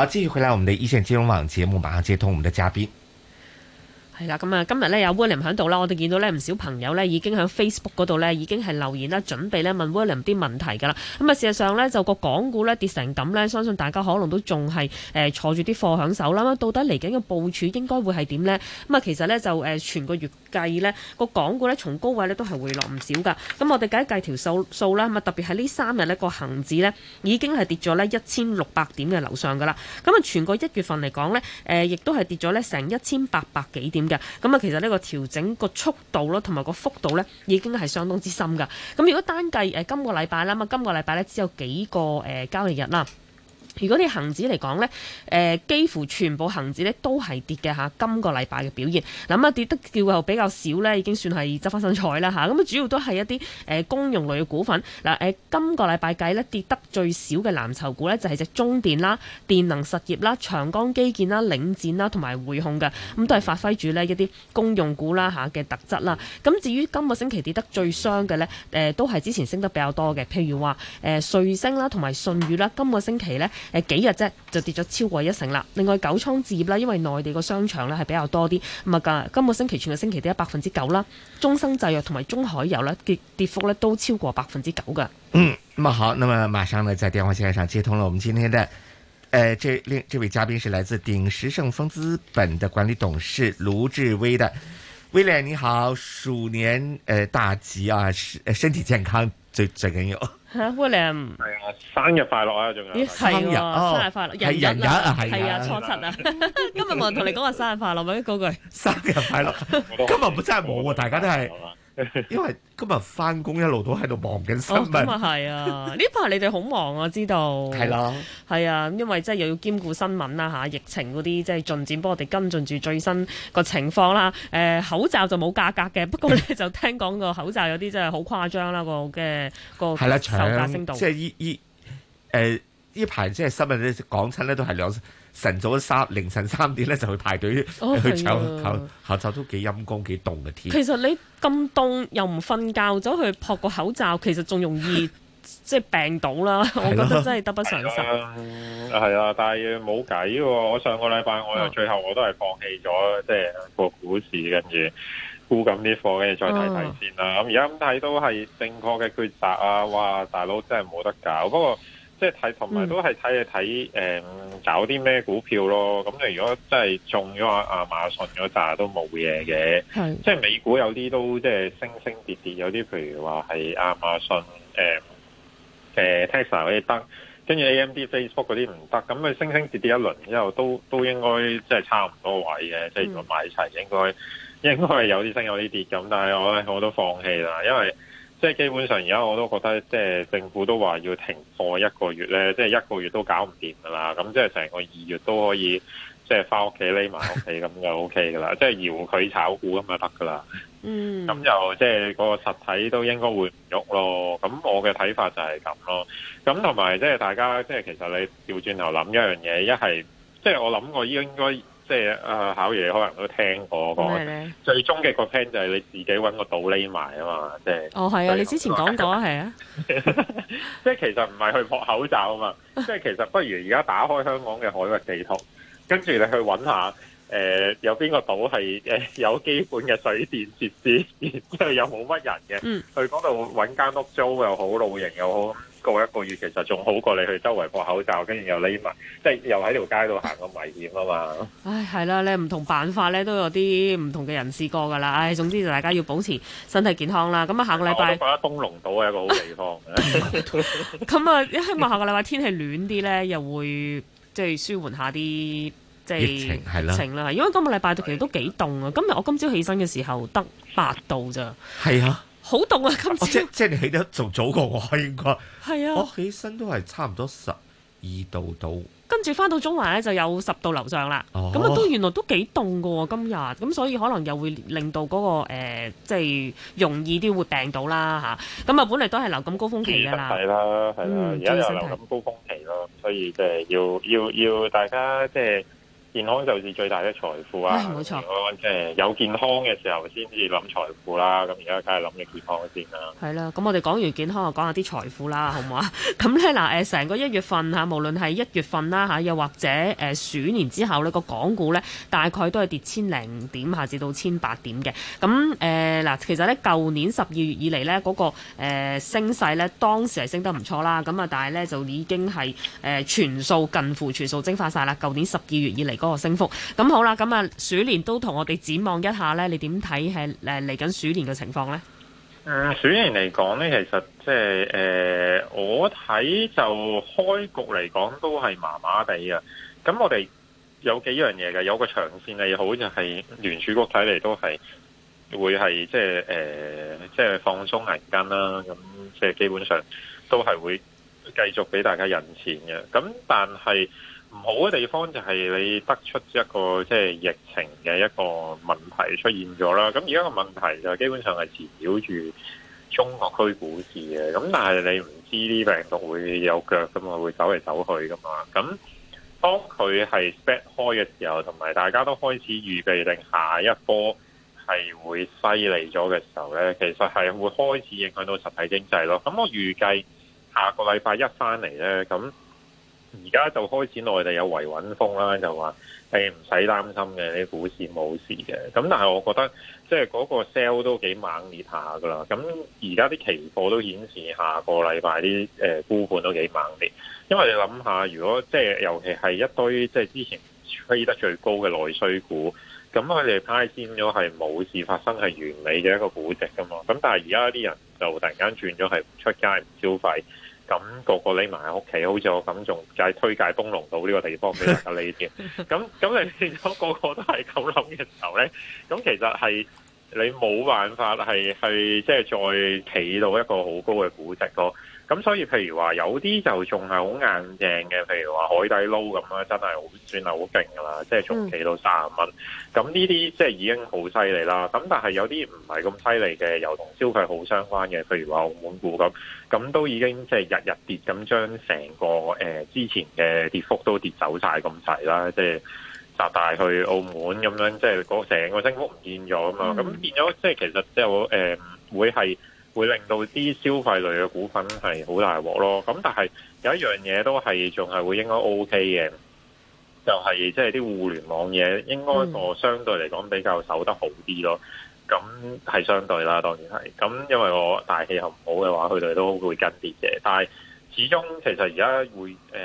好，繼續回來我們的一線金融網節目，馬上接通我們的嘉賓。係啦，咁啊今日咧有 William 喺度啦，我哋見到咧唔少朋友咧已經喺 Facebook 嗰度咧已經係留言啦，準備咧問 William 啲問題㗎啦。咁啊事實上咧就個港股咧跌成咁咧，相信大家可能都仲係誒坐住啲貨喺手啦。到底嚟緊嘅部署應該會係點呢？咁啊其實咧就誒全個月計咧個港股咧從高位咧都係回落唔少㗎。咁我哋計一計條數數啦，咁啊特別係呢三日咧個恒指咧已經係跌咗咧一千六百點嘅樓上㗎啦。咁啊全個一月份嚟講咧誒亦都係跌咗咧成一千八百幾點。咁啊，其實呢個調整個速度咯，同埋個幅度咧，已經係相當之深噶。咁如果單計誒、呃、今個禮拜啦，咁啊今個禮拜咧只有幾個誒、呃、交易日啦。如果啲恒指嚟講呢誒幾乎全部恒指咧都係跌嘅嚇、啊，今個禮拜嘅表現，咁啊跌得叫又比較少呢已經算係執翻身彩啦嚇。咁啊主要都係一啲誒公用類嘅股份，嗱、啊、誒、呃、今個禮拜計呢跌得最少嘅藍籌股呢，就係、是、隻中電啦、電能實業啦、長江基建啦、領展啦同埋匯控嘅，咁、啊、都係發揮住呢一啲公用股啦嚇嘅特質啦。咁、啊、至於今個星期跌得最傷嘅呢，誒、啊、都係之前升得比較多嘅，譬如話誒瑞聲啦同埋舜宇啦，今個星期呢。誒幾日啫，就跌咗超過一成啦。另外九倉置業啦，因為內地個商場咧係比較多啲，咁啊，今個星期全個星期跌咗百分之九啦。中生製藥同埋中海油呢，跌跌幅咧都超過百分之九嘅。嗯，咁啊好，那麼馬上呢，在電話線上接通啦。我們今天的誒、呃，這另這位嘉賓是來自鼎石盛豐資本的管理董事盧志威的。威廉你好，鼠年誒、呃、大吉啊！身身體健康最最緊要。係啊，William，係啊，生日快樂啊，仲有，生日，生日快樂，人日啊，係啊，初七啊，今日冇人同你講話生日快樂，咪嗰句，生日快樂，今日真係冇喎，大家都係。因為今日翻工，一路都喺度忙緊新聞，啊係、哦、啊！呢排 你哋好忙啊，知道？係啦、啊，係 啊，因為即係又要兼顧新聞啦、啊、吓、啊，疫情嗰啲即係進展，幫我哋跟進住最新個情況啦、啊。誒、呃，口罩就冇價格嘅，不過咧就聽講個口罩有啲真係好誇張啦、啊， 那個嘅、那個係啦，價升到、啊、即係依依誒呢排即係新聞咧講親咧都係兩。晨早三凌晨三點咧就排隊去排隊去搶，下下晝都幾陰功，幾凍嘅天。其實你咁凍又唔瞓覺，走去撲個口罩，其實仲容易 即係病倒啦。我覺得真係得不償失。係啊，啊，但係冇計嘅。我上個禮拜我最後我都係放棄咗，即係個股市，跟住沽緊啲貨，跟住再睇睇先啦。咁而家咁睇都係正確嘅抉擇啊！哇，大佬真係冇得搞。不過。即係睇，同埋、嗯、都係睇你睇，誒、嗯，搞啲咩股票咯？咁、嗯、你如果真係中咗阿亞馬遜咗，但都冇嘢嘅。即係美股有啲都即係升升跌跌，有啲譬如話係亞馬遜，誒、嗯，誒、啊、Te、嗯嗯、sla 可以得，跟住 AMD、Facebook 嗰啲唔得。咁佢升升跌跌一輪之後都，都都應該即係差唔多位嘅。即係、嗯、如果買齊應，應該應該係有啲升有啲跌咁，但係我我都放棄啦，因為。即係基本上而家我都覺得，即係政府都話要停課一個月咧，即係一個月都搞唔掂噶啦。咁即係成個二月都可以，即係翻屋企匿埋屋企咁就 OK 噶啦。即係搖佢炒股咁就得噶啦。嗯，咁就即係嗰個實體都應該會唔喐咯。咁我嘅睇法就係咁咯。咁同埋即係大家即係其實你調轉頭諗一樣嘢，一係即係我諗我依家應該。即係啊，考完你可能都聽過，最終嘅個 plan 就係你自己揾個島匿埋啊嘛，即係。哦，係啊，以你之前講過係啊，即係 其實唔係去撲口罩啊嘛， 即係其實不如而家打開香港嘅海域地圖，跟住你去揾下，誒、呃，有邊個島係誒有基本嘅水電設施，然之後又冇乜人嘅，嗯、去嗰度揾間屋租又好，露營又好。過一個月其實仲好過你去周圍戴口罩，跟住又匿埋，即係又喺條街度行咁危險啊嘛！唉，係啦，你唔同辦法咧都有啲唔同嘅人試過噶啦。唉，總之就大家要保持身體健康啦。咁啊，下個禮拜我覺得東龍島係一個好地方。咁啊， 希望下個禮拜天氣暖啲咧，又會即係舒緩下啲即係疫情係啦。疫情啦，因為今個禮拜其實都幾凍啊。的今日我今朝起身嘅時候得八度咋。係啊。好凍啊！今次、哦、即即你起得仲早過我應該係啊，我、哦、起身都係差唔多十二度到。跟住翻到中環咧，就有十度樓上啦。咁啊、哦，都原來都幾凍噶喎今日。咁所以可能又會令到嗰、嗰個、呃、即係容易啲會病到啦嚇。咁啊，本嚟都係流感高峰期㗎啦，係啦係啦，而家、嗯、又流感高峰期咯，所以即係要要要大家即、就、係、是。健康就是最大的財富啊！冇、哎、錯，誒、呃、有健康嘅時候先至諗財富啦。咁而家梗係諗嘅健康先啦。係啦， 咁我哋講完健康，講下啲財富啦，好唔好啊？咁咧嗱誒，成個一月份嚇，無論係一月份啦嚇，又或者誒鼠年之後呢、呢個港股咧大概都係跌千零點，下至到千八點嘅。咁誒嗱，其實咧舊年十二月以嚟咧嗰個、呃、升勢咧，當時係升得唔錯啦。咁啊，但係咧就已經係誒全數近乎全數蒸發晒啦。舊年十二月以嚟。嗰個升幅咁好啦，咁啊鼠年都同我哋展望一下咧，你點睇係誒嚟緊鼠年嘅情況咧？誒嗯、鼠年嚟講咧，其實即係誒，我睇就開局嚟講都係麻麻地啊。咁我哋有幾樣嘢嘅，有個長線利好似係、就是、聯儲局睇嚟都係會係即係誒，即、呃、係、就是、放鬆銀根啦。咁即係基本上都係會繼續俾大家印錢嘅。咁但係唔好嘅地方就係你得出一個即係疫情嘅一個問題出現咗啦。咁而家個問題就基本上係纏繞住中國區股市嘅。咁但係你唔知啲病毒會有腳噶嘛，會走嚟走去噶嘛。咁當佢係 spread 開嘅時候，同埋大家都開始預備定下一波係會犀利咗嘅時候呢，其實係會開始影響到實體經濟咯。咁我預計下個禮拜一返嚟呢。咁。而家就開始內地有維穩風啦，就話誒唔使擔心嘅，啲股市冇事嘅。咁但係我覺得，即係嗰個 sell 都幾猛烈下㗎啦。咁而家啲期貨都顯示下個禮拜啲誒沽盤都幾猛烈，因為你諗下，如果即係、就是、尤其係一堆即係、就是、之前吹得最高嘅內需股，咁佢哋派尖咗係冇事發生係完美嘅一個估值㗎嘛。咁但係而家啲人就突然間轉咗係出街唔消費。咁個個匿埋喺屋企，好似我咁，仲介推介東龍島呢個地方俾大家你添，咁咁你變咗個個都係咁諗嘅時候咧，咁其實係你冇辦法係係即係再企到一個好高嘅估值咯。咁所以譬，譬如話、嗯、有啲就仲係好硬淨嘅，譬如話海底撈咁樣，真係好算係好勁噶啦，即係仲企到三十蚊。咁呢啲即係已經好犀利啦。咁但係有啲唔係咁犀利嘅，又同消費好相關嘅，譬如話澳門股咁，咁都已經即係日日跌，咁將成個誒之前嘅跌幅都跌走晒咁滯啦。即、就、係、是、集大去澳門咁樣，即係嗰成個升幅唔見咗啊嘛。咁、嗯、變咗即係其實即係我誒會係。會令到啲消費類嘅股份係好大鑊咯，咁但係有一樣嘢都係仲係會應該 OK 嘅，就係即係啲互聯網嘢，應該我相對嚟講比較守得好啲咯。咁係的相對啦，當然係。咁因為我大氣候唔好嘅話，佢哋都會跟跌嘅。但係始終其實而家會誒。呃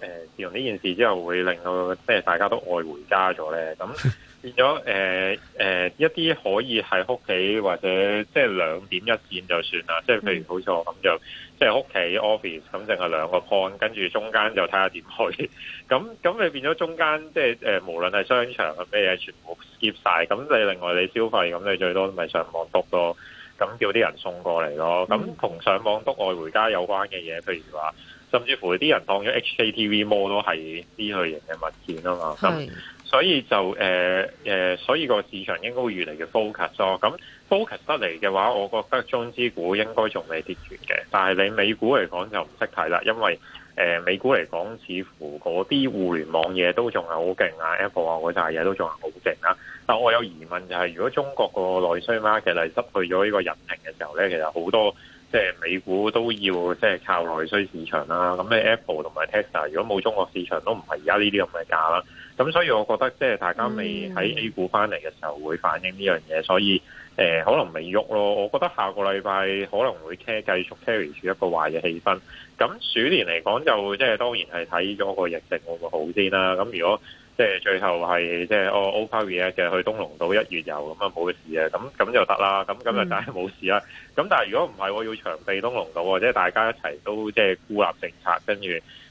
誒、呃，自從呢件事之後，會令到即係大家都愛回家咗咧。咁變咗，誒、呃、誒、呃，一啲可以喺屋企或者即係兩點一線就算啦。即係譬如好似我，冇錯咁就即係屋企 office 咁，淨係兩個 point，跟住中間就睇下點去。咁咁你變咗中間，即係誒、呃，無論係商場啊咩嘢，全部 skip 晒。咁你另外你消費，咁你最多咪上網督咯，咁叫啲人送過嚟咯。咁同上網督愛回家有關嘅嘢，譬如話。甚至乎啲人當咗 HKTV Mall 都係呢類型嘅物件啊嘛，咁是所以就誒誒、呃呃，所以個市場應該會越嚟越 focus 咯。咁、哦、focus 得嚟嘅話，我覺得中資股應該仲未跌完嘅，但係你美股嚟講就唔識睇啦，因為誒、呃、美股嚟講，似乎嗰啲互聯網嘢都仲係好勁，Apple 啊嗰扎嘢都仲係好勁啦。但我有疑問就係、是，如果中國個內需 market 係失去咗呢個引擎嘅時候咧，其實好多。即係美股都要即係靠內需市場啦，咁咧 Apple 同埋 Tesla 如果冇中國市場都唔係而家呢啲咁嘅價啦，咁所以我覺得即係大家未喺 A 股翻嚟嘅時候會反映呢樣嘢，所以誒、呃、可能未喐咯。我覺得下個禮拜可能會 carry 繼續 carry 住一個壞嘅氣氛。咁鼠年嚟講就即係當然係睇咗個疫情會唔會好先啦、啊。咁如果即係最後係即係我 open 嘢嘅，去東龍島一月遊咁啊冇嘅事啊，咁咁就得啦，咁咁就梗係冇事啦。咁、嗯、但係如果唔係，要長備東龍島，或者大家一齊都即係孤立政策，跟住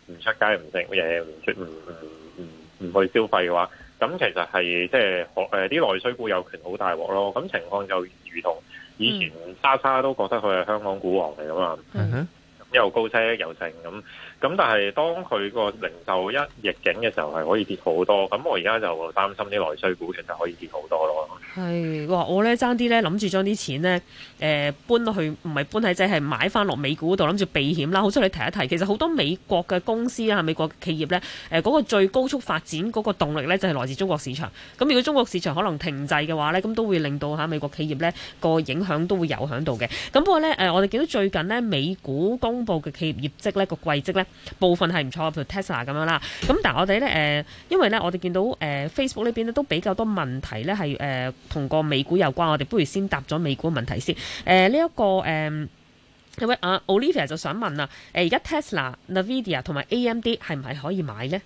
唔出街唔食嘢，唔出唔唔唔去消費嘅話，咁其實係即係誒啲內需股有權好大鑊咯。咁情況就如同以前莎莎都覺得佢係香港股王嚟噶嘛，嗯嗯、又高息又盛咁。咁但係當佢個零售一逆境嘅時候，係可以跌好多。咁我而家就擔心啲內需股其實可以跌好多咯。係，我呢爭啲呢，諗住將啲錢呢誒、呃、搬去，唔係搬喺即係買翻落美股度，諗住避險啦。好在你提一提，其實好多美國嘅公司啊，美國企業呢，誒嗰個最高速發展嗰個動力呢，就係、是、來自中國市場。咁如果中國市場可能停滯嘅話呢，咁都會令到吓美國企業呢、呢個影響都會有喺度嘅。咁不過呢，誒、呃、我哋見到最近呢，美股公布嘅企業業績呢、呢個季績呢。部分係唔錯，譬如 Tesla 咁樣啦。咁但係我哋咧誒，因為咧我哋見到誒 Facebook 呢邊咧都比較多問題咧，係誒同個美股有關。我哋不如先答咗美股問題先。誒呢一個誒有位 Olivia 就想問啦。誒而家 Tesla、Nvidia 同埋 AMD 係唔係可以買咧？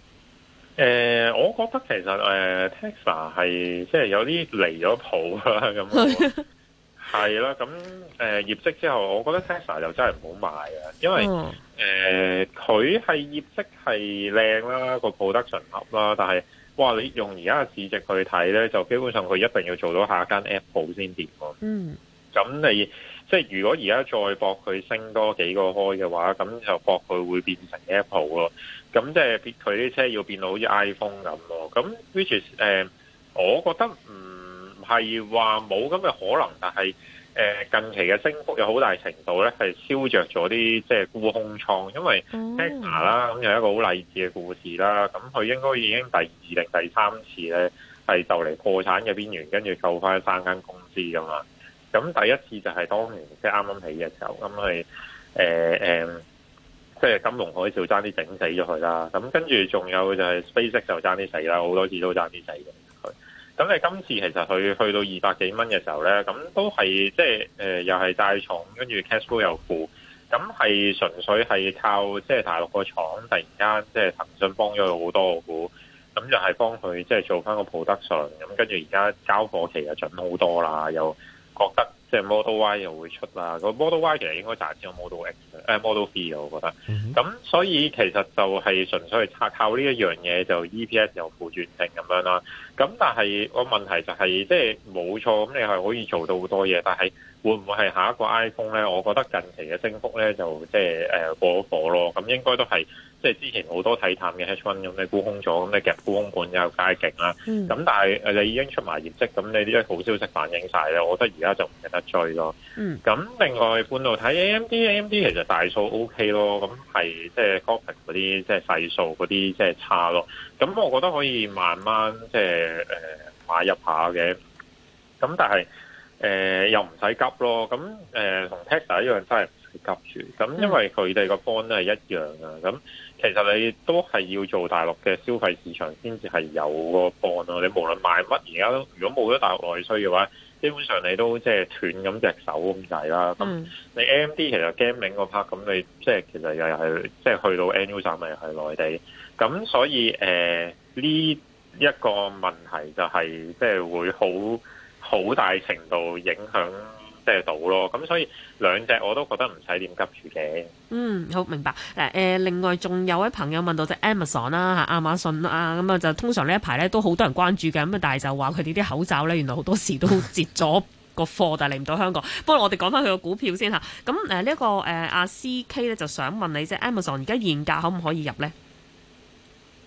誒、呃，我覺得其實誒、呃、Tesla 係即係有啲離咗譜啦咁。 嗯 係啦，咁誒業績之後，我覺得 Tesla 又真係唔好買啊，因為誒佢係業績係靚啦，個股得順合啦，但係哇，你用而家嘅市值去睇咧，就基本上佢一定要做到下間 Apple 先掂喎。嗯，咁你即係如果而家再博佢升多幾個開嘅話，咁就博佢會變成 Apple 咯。咁即係佢啲車要變到好似 iPhone 咁咯。咁 Which is 誒，我覺得唔。係話冇咁嘅可能，但係誒、呃、近期嘅升幅有好大程度咧，係燒着咗啲即係沽空倉，因為 Tesla 啦、mm，咁、hmm. 有一個好勵志嘅故事啦，咁佢應該已經第二定第三次咧係就嚟破產嘅邊緣，跟住救翻三間公司噶嘛。咁第一次就係當年即係啱啱起嘅時候，咁係誒誒、即、呃、係、嗯就是、金融海嘯爭啲整死咗佢啦。咁跟住仲有就係 SpaceX 就爭啲死啦，好多次都爭啲死嘅。咁你今次其實佢去，去到二百幾蚊嘅時候咧，咁都係即係誒，又係債重跟住 cash flow 又負，咁係純粹係靠即係、就是、大陸個廠突然間即係、就是、騰訊幫咗佢好多個股，咁就係幫佢即係做翻個 production。咁跟住而家交貨期又準好多啦，又覺得即係 Model Y 又會出啦，個 Model Y 其實應該賺錢過 Model X。誒 model fee 啊，我覺得，咁、mm hmm. 所以其實就係純粹係靠呢一、e、樣嘢就 EPS 由負轉正咁樣啦。咁但係個問題就係、是、即係冇錯，咁你係可以做到好多嘢，但係會唔會係下一個 iPhone 咧？我覺得近期嘅升幅咧就即係誒過咗火咯。咁應該都係即係之前好多睇淡嘅 H1 咁你沽空咗，咁你夾沽空盤又加勁啦。咁、mm hmm. 但係你已經出埋業績，咁你呢啲好消息反映晒咧，我覺得而家就唔值得追咯。咁、mm hmm. 另外半導體睇 AMD，AMD 其實。大數 OK 咯，咁係即係 copy 嗰啲即係細數嗰啲即係差咯。咁我覺得可以慢慢即係誒買入下嘅。咁但係誒、呃、又唔使急咯。咁誒同 Tesla 一樣真係唔使急住。咁因為佢哋個 bond 都係一樣啊。咁其實你都係要做大陸嘅消費市場先至係有個 bond 咯。你無論買乜，而家都如果冇咗大陸內需嘅話，基本上你都即係斷咁隻手咁滯啦，咁、嗯、你 AMD 其實 Gaming 個 part，咁你即係其實又係即係去到 NU 站 l 產咪係內地，咁所以誒呢、呃、一個問題就係即係會好好大程度影響。即係賭咯，咁所以兩隻我都覺得唔使點急住嘅。嗯，好明白。誒，誒，另外仲有位朋友問到隻、就是 Am 啊、Amazon 啦、啊，吓亞馬遜啦，咁啊就通常一呢一排咧都好多人關注嘅，咁啊但係就話佢哋啲口罩咧，原來好多時都截咗個貨， 但係嚟唔到香港。不過我哋講翻佢個股票先吓。咁、啊、誒、這個呃啊、呢個誒阿 CK 咧就想問你啫、啊、，Amazon 而家現價可唔可以入呢？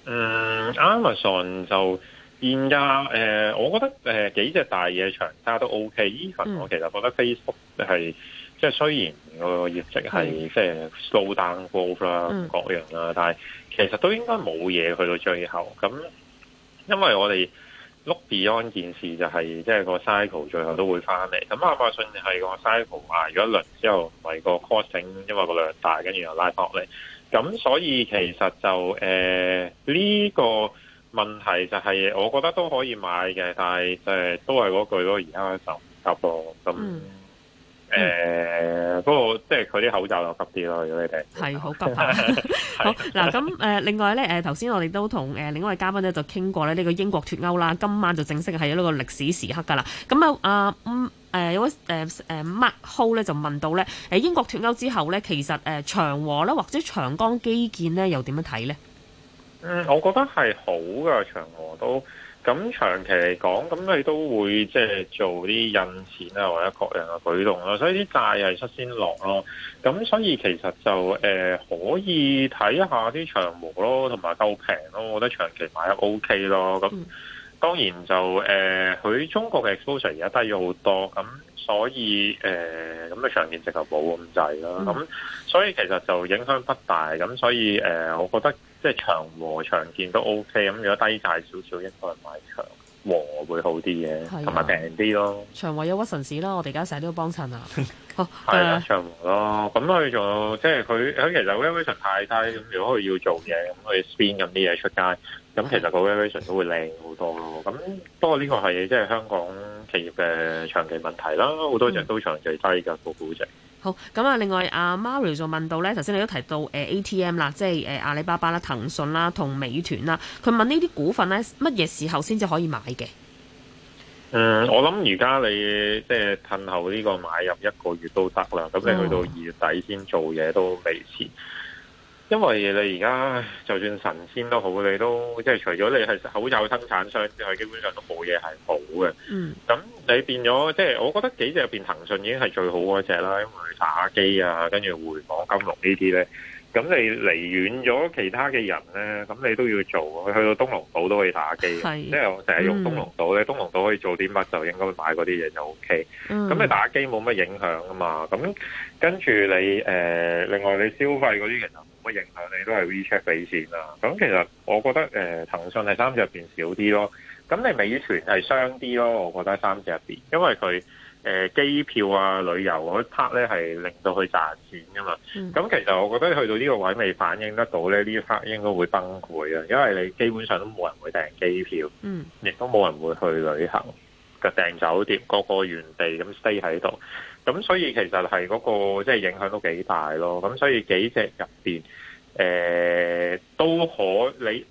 嗯，Amazon 就。現價誒、呃，我覺得誒、呃、幾隻大嘅長揸都 OK even、嗯。even 我其實覺得 Facebook 係即係、就是、雖然個業績係即係 slow down growth 啦，嗯、各樣啦，但係其實都應該冇嘢去到最後。咁因為我哋 look beyond 件事就係即係個 cycle 最後都會翻嚟。咁亞馬遜係個 cycle 啊，如果一輪之後唔係個 costing，因為個量大，跟住又拉落嚟。咁所以其實就誒呢、呃這個。這個問題就係，我覺得都可以買嘅，但係誒都係嗰句咯，而家就唔急咯。咁。誒，不過即係佢啲口罩又急啲咯，如果你哋係好急啊！好嗱，咁誒另外咧誒，頭先我哋都同誒另一位嘉賓咧就傾過咧，呢個英國脱歐啦，今晚就正式係呢個歷史時刻㗎啦。咁啊，阿嗯有位誒誒 Mark Ho 咧就問到咧，誒英國脱歐之後咧，其實誒長和咧或者長江基建咧又點樣睇咧？嗯，我覺得係好㗎長和都，咁長期嚟講，咁你都會即係做啲印錢啊或者各樣嘅舉動啦，所以啲債係率先落咯，咁所以其實就誒、呃、可以睇一下啲長和咯，同埋夠平咯，我覺得長期買都 OK 咯，咁當然就誒佢、呃、中國嘅 exposure 而家低咗好多咁。所以誒，咁、呃、嘅長線直頭冇咁滯啦，咁、嗯、所以其實就影響不大。咁所以誒、呃，我覺得即係長和長見都 OK。咁如果低價少少，應該係買長和會好啲嘅，同埋平啲咯。長和有屈臣氏啦，我哋而家成日都要幫襯啊。係啦，長和咯，咁佢仲有即係佢佢其實 valuation 太低。咁如果佢要做嘢，咁佢 spin 咁啲嘢出街，咁其實個 valuation 都會靚好多咯。咁、嗯、不過呢個係即係香港嘅長期問題啦，嗯、好多人都長期低㗎個估值。好咁啊！另外阿 Mario 就問到呢，頭先你都提到 ATM 啦，即係誒阿里巴巴啦、騰訊啦同美團啦，佢問呢啲股份呢乜嘢時候先至可以買嘅？嗯，我諗而家你即係褪後呢個買入一個月都得啦，咁你去到二月底先做嘢都未遲。嗯因為你而家就算神仙都好，你都即係除咗你係口罩生產商之外，基本上都冇嘢係好嘅。嗯。咁你變咗即係，我覺得幾隻入邊，騰訊已經係最好嗰隻啦，因為打機啊，跟住互聯網金融呢啲咧。咁你離遠咗其他嘅人咧，咁你都要做啊。去到東龍島都可以打機，啊，是即係我成日用東龍島咧，嗯、東龍島可以做啲乜就應該買嗰啲嘢就 O K。咁、嗯、你打機冇乜影響啊嘛。咁跟住你誒、呃，另外你消費嗰啲其實。我影響你都係 WeChat 俾錢啦，咁其實我覺得誒，騰訊係三隻入邊少啲咯，咁你美團係雙啲咯，我覺得三隻入邊，因為佢誒機票啊、旅遊嗰 part 咧係令到佢賺錢噶嘛，咁、嗯、其實我覺得去到呢個位未反映得到咧，呢 part 應該會崩潰啊，因為你基本上都冇人會訂機票，亦、嗯、都冇人會去旅行嘅訂酒店，個個原地咁 stay 喺度。咁所以其實係嗰、那個即係、就是、影響都幾大咯。咁所以幾隻入邊，誒、呃、都可你誒、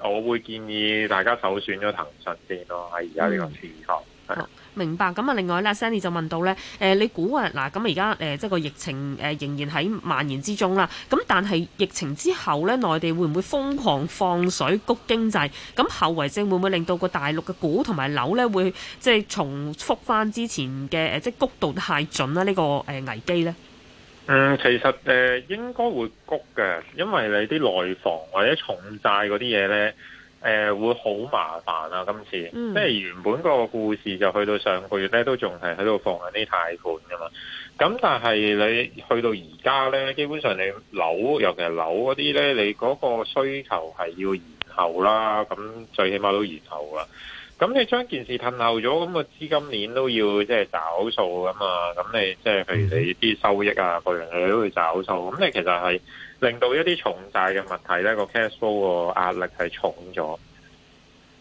呃，我會建議大家首選咗騰訊先咯。喺而家呢個市場。嗯明白咁啊！另外咧，Sandy 就問到咧，誒你估啊，嗱咁而家誒即係個疫情誒仍然喺蔓延之中啦。咁但係疫情之後咧，內地會唔會瘋狂放水谷經濟？咁後遺症會唔會令到個大陸嘅股同埋樓咧，會即係重覆翻之前嘅誒，即係谷度太準啦？呢個誒危機咧？嗯，其實誒應該會谷嘅，因為你啲內房或者重債嗰啲嘢咧。誒、呃、會好麻煩啊。今次、嗯、即係原本個故事就去到上個月咧，都仲係喺度放緊啲貸款噶嘛。咁但係你去到而家咧，基本上你樓尤其係樓嗰啲咧，你嗰個需求係要延後啦。咁最起碼都延後啦。咁你將件事褪後咗，咁、那個資金鏈都要即係找數噶嘛。咁你即係譬如你啲收益啊，各樣嘢都要找數。咁你其實係。令到一啲重債嘅問題咧，個 cash flow 個壓力係重咗。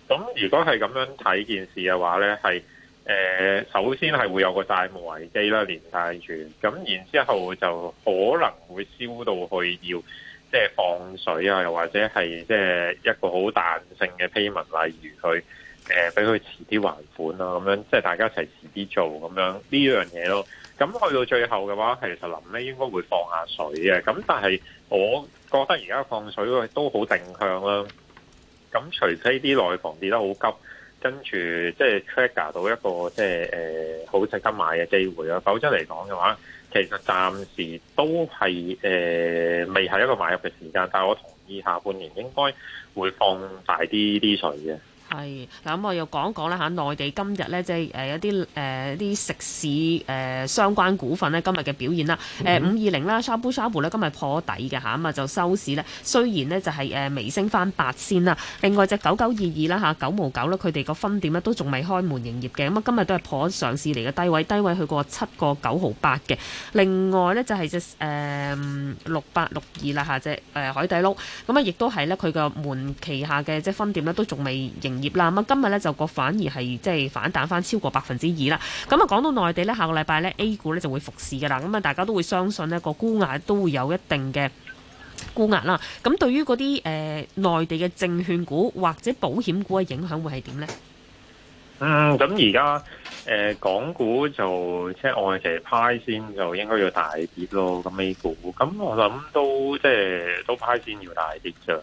咁如果係咁樣睇件事嘅話咧，係誒、呃、首先係會有個債務危機啦，連帶住咁，然之後就可能會燒到去要即係放水啊，又或者係即係一個好彈性嘅 payment，例如佢誒俾佢遲啲還款啊，咁樣即係大家一齊遲啲做咁樣呢樣嘢咯。咁去到最後嘅話，其實諗咧應該會放下水嘅。咁但係，我覺得而家放水都好定向啦。咁除非啲內房跌得好急，跟住即係 check 到一個即係誒好值得買嘅機會啦。否則嚟講嘅話，其實暫時都係誒、呃、未係一個買入嘅時間。但係我同意下半年應該會放大啲啲水嘅。係，嗱咁、哎、我又講講啦。嚇內地今日咧即係誒、呃、一啲誒啲食肆誒、呃、相關股份咧今日嘅表現啦。誒五二零啦，呷哺呷哺咧今日破底嘅嚇，咁啊就收市咧，雖然呢就係、是、誒微升翻八千啦。另外隻九九二二啦嚇，九毛九啦，佢哋個分店咧都仲未開門營業嘅，咁啊今日都係破上市嚟嘅低位，低位去過七個九毫八嘅。另外呢，就係隻誒六八六二啦嚇，隻、啊、誒海底撈，咁啊亦都係呢，佢個門旗下嘅即係分店咧都仲未營。業啦，咁今日咧就個反而係即係反彈翻，超過百分之二啦。咁啊，講到內地咧，下個禮拜咧 A 股咧就會復市噶啦。咁啊，大家都會相信呢個沽壓都會有一定嘅沽壓啦。咁對於嗰啲誒內地嘅證券股或者保險股嘅影響會係點呢？嗯，咁而家誒港股就即係外期派先就應該要大跌咯。咁 A 股，咁我諗都即係都派先要大跌啫。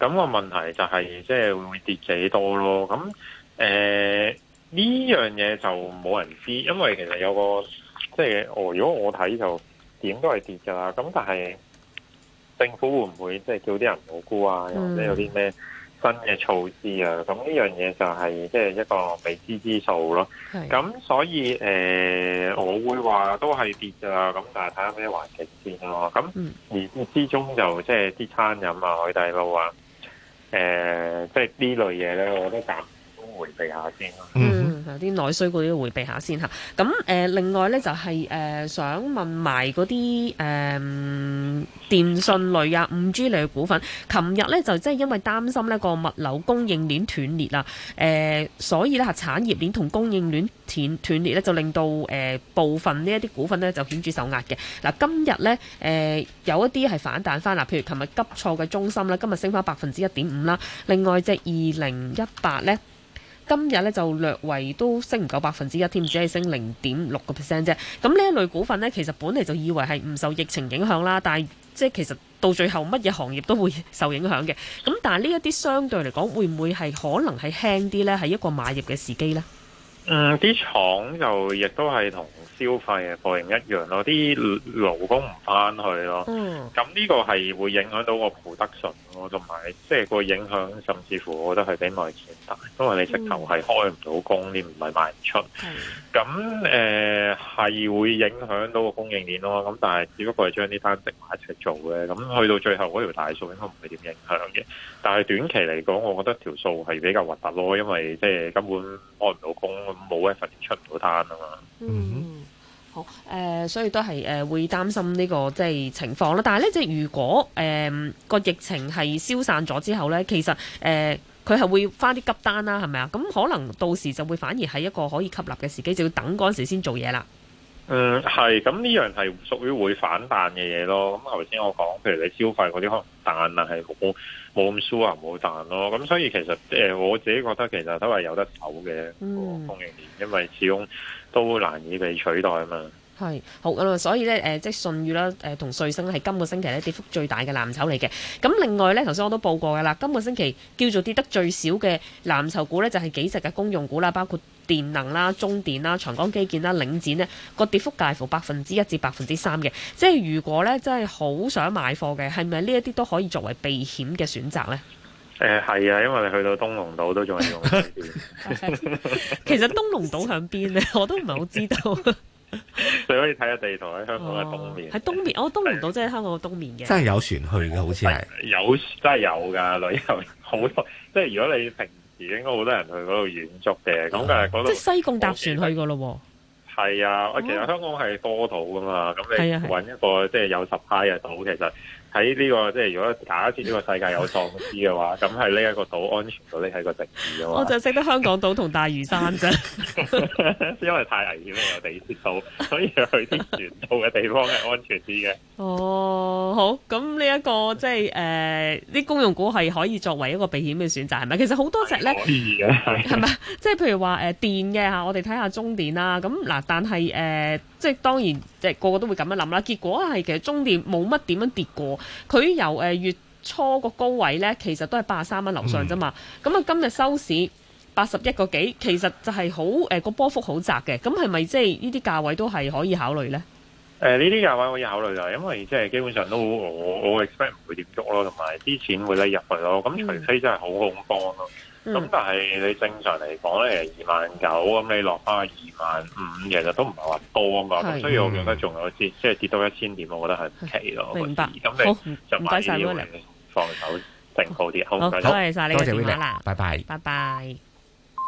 咁個問題就係即係會跌幾多咯？咁誒呢樣嘢就冇人知，因為其實有個即係我如果我睇就點都係跌㗎喇。咁但係政府會唔會即係叫啲人攞股啊？或者有啲咩新嘅措施啊？咁呢、嗯、樣嘢就係即係一個未知之數咯。咁是所以誒、呃，我會話都係跌㗎喇。咁但係睇下咩環境先咯。咁、嗯、而之中就即係啲餐飲啊、海底撈啊。誒，即係呢類嘢咧，我都答，回避下先，嗯，有啲內需股都要迴避下先嚇。咁、嗯、誒、呃，另外咧就係、是、誒、呃，想問埋嗰啲誒電信類啊、五 G 類嘅股份。琴日咧就即係因為擔心呢個物流供應鏈斷裂啊，誒、呃，所以咧係產業鏈同供應鏈斷斷裂咧，就令到誒、呃、部分呢一啲股份咧就顯著受壓嘅嗱。今日咧誒有一啲係反彈翻啦，譬如琴日急挫嘅中心咧，今日升翻百分之一點五啦。另外隻二零一八咧。今日咧就略為都升唔夠百分之一添，只係升零點六個 percent 啫。咁呢一類股份咧，其實本嚟就以為係唔受疫情影響啦，但係即係其實到最後乜嘢行業都會受影響嘅。咁但係呢一啲相對嚟講，會唔會係可能係輕啲咧？係一個買入嘅時機咧？嗯，啲廠就亦都係同消費嘅類型一樣咯，啲勞工唔翻去咯。嗯，咁呢個係會影響到個富德信咯，同埋即係個影響，甚至乎我覺得係比貿易戰大，因為你直頭係開唔到工，你唔係賣唔出。係是，咁誒係會影響到個供應鏈咯。咁但係只不過係將呢單積埋一齊做嘅，咁去到最後嗰條大數應該唔會點影響嘅。但係短期嚟講，我覺得條數係比較核突咯，因為即係根本開唔到工。冇咧，突然出唔到單啊嘛。嗯，好，誒、呃，所以都係誒、呃、會擔心呢、這個即係情況啦。但係咧，即係如果誒個、呃、疫情係消散咗之後咧，其實誒佢係會翻啲急單啦，係咪啊？咁可能到時就會反而係一個可以吸納嘅時機，就要等嗰陣時先做嘢啦。嗯，係咁，呢樣係屬於會反彈嘅嘢咯。咁頭先我講，譬如你消費嗰啲可能彈，但係冇冇咁舒啊，冇彈咯。咁所以其實誒、呃，我自己覺得其實都係有得走嘅，個供應鏈，嗯、因為始終都難以被取代啊嘛。係好咁啊，所以咧誒、呃，即係舜宇啦，誒、呃、同瑞聲咧係今個星期咧跌幅最大嘅藍籌嚟嘅。咁另外咧，頭先我都報過嘅啦，今個星期叫做跌得最少嘅藍籌股咧，就係、是、幾隻嘅公用股啦，包括電能啦、中電啦、長江基建啦、領展呢，個跌幅介乎百分之一至百分之三嘅。即係如果咧真係好想買貨嘅，係咪呢一啲都可以作為避險嘅選擇咧？誒係、嗯、啊，因為你去到東龍島都仲係用 其實東龍島響邊咧，我都唔係好知道。 你可以睇下地圖，喺香港嘅東面，喺、哦、東面，我、哦、東唔到，即係是香港嘅東面嘅，真係有船去嘅，好似係有真係有噶旅遊，好多，即係如果你平時應該好多人去嗰度遠足嘅，咁就係嗰度即係西貢搭船去嘅咯。係啊實，哦、其實香港係多島噶嘛，咁你揾一個、哦、即係有十派嘅島，其實。喺呢、這個即係如果假設呢個世界有喪屍嘅話，咁係呢一個島安全到你係個城市嘅話，我就識得香港島同大嶼山啫。因為太危險有地鐵到，所以去啲遠道嘅地方係安全啲嘅。哦，好，咁呢一個即係誒，啲、就是呃、公用股係可以作為一個避險嘅選擇，係咪？其實好多隻咧，可以嘅， 係咪？即係譬如話誒、呃、電嘅嚇，我哋睇下中電啦。咁嗱，但係誒。呃即係當然，即係個個都會咁樣諗啦。結果係其實中電冇乜點樣跌過，佢由誒月初個高位咧，其實都係八十三蚊樓上啫嘛。咁啊，今日收市八十一個幾，其實就係好誒個波幅好窄嘅。咁係咪即係呢啲價位都係可以考慮咧？誒呢啲價位可以考慮就係因為即係基本上都我我 expect 唔會點喐咯，同埋啲錢會咧入去咯。咁除非真係好恐慌咯。咁但係你正常嚟講咧，二萬九，咁你落翻二萬五，其實都唔係話多啊嘛。咁所以我覺得仲有啲，即係跌到一千點，我覺得係唔奇咯。明白。好，唔該曬，多謝曬，你嘅時間。拜拜，拜拜。